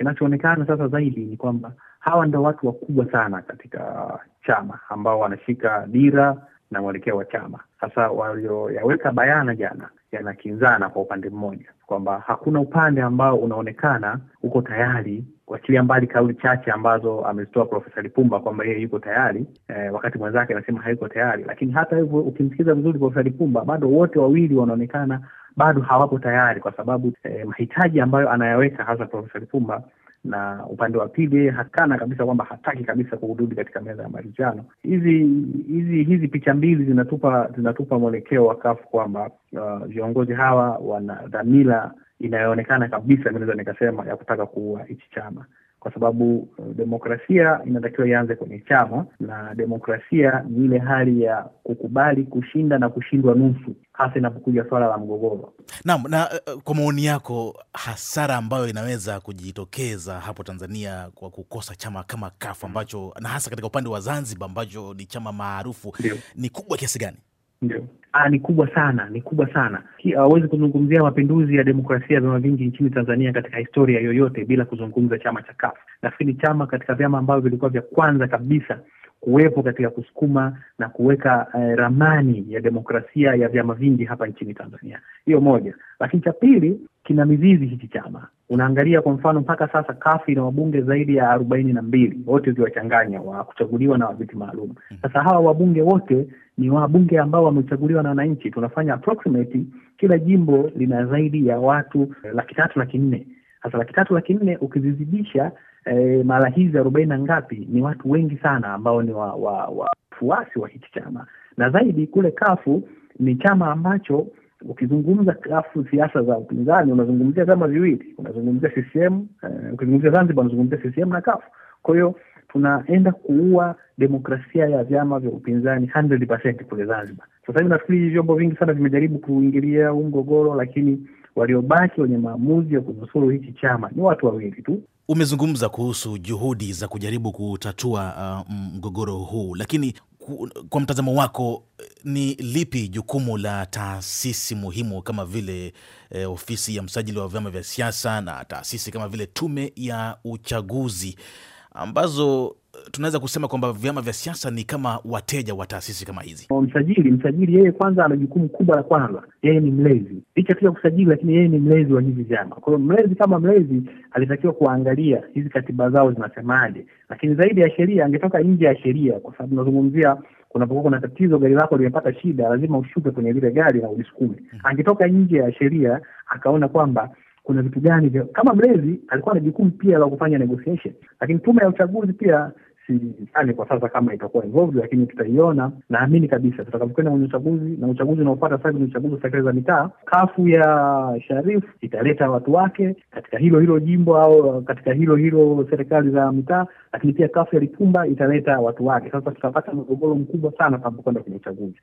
Kinachoonekana sasa zaidi ni kwamba hawa ndo watu wakubwa sana katika chama ambao wanashika dira na mwelekeo wa chama. Sasa walioyaweka bayana jana yanakinzana kwa upande mmoja, kwamba hakuna upande ambao unaonekana uko tayari, kuachilia mbali kauli chache ambazo amezitoa Profesa Lipumba kwamba yeye yuko tayari eh, wakati mwenzake anasema hayuko tayari. Lakini hata hivyo ukimsikiza vizuri Profesa Lipumba, bado wote wawili wanaonekana bado hawapo tayari, kwa sababu eh, mahitaji ambayo anayaweka hasa Profesa Lipumba na upande wa pili hakana kabisa kwamba hataki kabisa kuhududi katika meza ya maridhiano. Hizi hizi hizi picha mbili zinatupa zinatupa mwelekeo wa kafu kwamba uh, viongozi uh, hawa wana dhamira inayoonekana kabisa, naweza nikasema ya kutaka kuua hichi chama kwa sababu eh, demokrasia inatakiwa ianze kwenye chama, na demokrasia ni ile hali ya kukubali kushinda na kushindwa nusu, hasa inapokuja swala la mgogoro. Naam. Na eh, eh, kwa maoni yako, hasara ambayo inaweza kujitokeza hapo Tanzania kwa kukosa chama kama kafu ambacho, na hasa katika upande wa Zanzibar ambacho ni chama maarufu, ni kubwa kiasi gani? Ndio. Ah, ni kubwa sana, ni kubwa sana. Hawezi ah, kuzungumzia mapinduzi ya demokrasia ya vyama vingi nchini Tanzania katika historia yoyote bila kuzungumza chama cha CUF. Nafikiri chama katika vyama ambavyo vilikuwa vya kwanza kabisa kuwepo katika kusukuma na kuweka eh, ramani ya demokrasia ya vyama vingi hapa nchini Tanzania. Hiyo moja, lakini cha pili kina mizizi hichi chama. Unaangalia kwa mfano, mpaka sasa kafu ina wabunge zaidi ya arobaini na mbili, wote ukiwachanganya wa kuchaguliwa na waviti maalum. Hmm. Sasa hawa wabunge wote ni wabunge ambao wamechaguliwa na wananchi. Tunafanya approximate, kila jimbo lina zaidi ya watu eh, laki tatu laki nne. Sasa laki tatu laki nne ukizizidisha eh, mara hizi arobaini na ngapi, ni watu wengi sana ambao ni wafuasi wa, wa, wa hichi chama, na zaidi kule kafu ni chama ambacho Ukizungumza kafu siasa za upinzani unazungumzia vyama viwili, unazungumzia sisiemu Uh, ukizungumzia Zanzibar unazungumzia sisiemu na kafu Kwa hiyo tunaenda kuua demokrasia ya vyama vya upinzani kule Zanzibar. Sasa hivi nafikiri vyombo vingi sana vimejaribu kuingilia huu mgogoro, lakini waliobaki wenye maamuzi ya kunusuru hichi chama ni watu wawili tu. Umezungumza kuhusu juhudi za kujaribu kutatua uh, mgogoro huu, lakini ku, kwa mtazamo wako ni lipi jukumu la taasisi muhimu kama vile e, ofisi ya msajili wa vyama vya siasa na taasisi kama vile tume ya uchaguzi ambazo eh, tunaweza kusema kwamba vyama vya siasa ni kama wateja wa taasisi kama hizi. Msajili msajili yeye kwanza ana jukumu kubwa la kwanza, yeye ni mlezi licha tu ya kusajili, lakini yeye ni mlezi wa hizi vyama. Kwa hiyo mlezi kama mlezi alitakiwa kuangalia hizi katiba zao zinasemaje, lakini zaidi ya sheria angetoka nje ya sheria, kwa sababu tunazungumzia kunapokuwa kuna tatizo, gari lako limepata shida, lazima ushuke kwenye lile gari na ulisukume. Mm-hmm. Angetoka nje ya sheria akaona kwamba kuna vitu gani kama mlezi alikuwa na jukumu pia la kufanya negotiation, lakini tume ya uchaguzi pia sidhani kwa sasa kama itakuwa involved, lakini tutaiona. Naamini kabisa tutakapokwenda kwenye uchaguzi na uchaguzi unaofuata sasa ni uchaguzi wa serikali za mitaa, kafu ya Sharifu italeta watu wake katika hilo hilo jimbo au katika hilo hilo serikali za mitaa, lakini pia kafu ya Lipumba italeta watu wake. Sasa tutapata mgogoro mkubwa sana tutakapokwenda kwenye uchaguzi.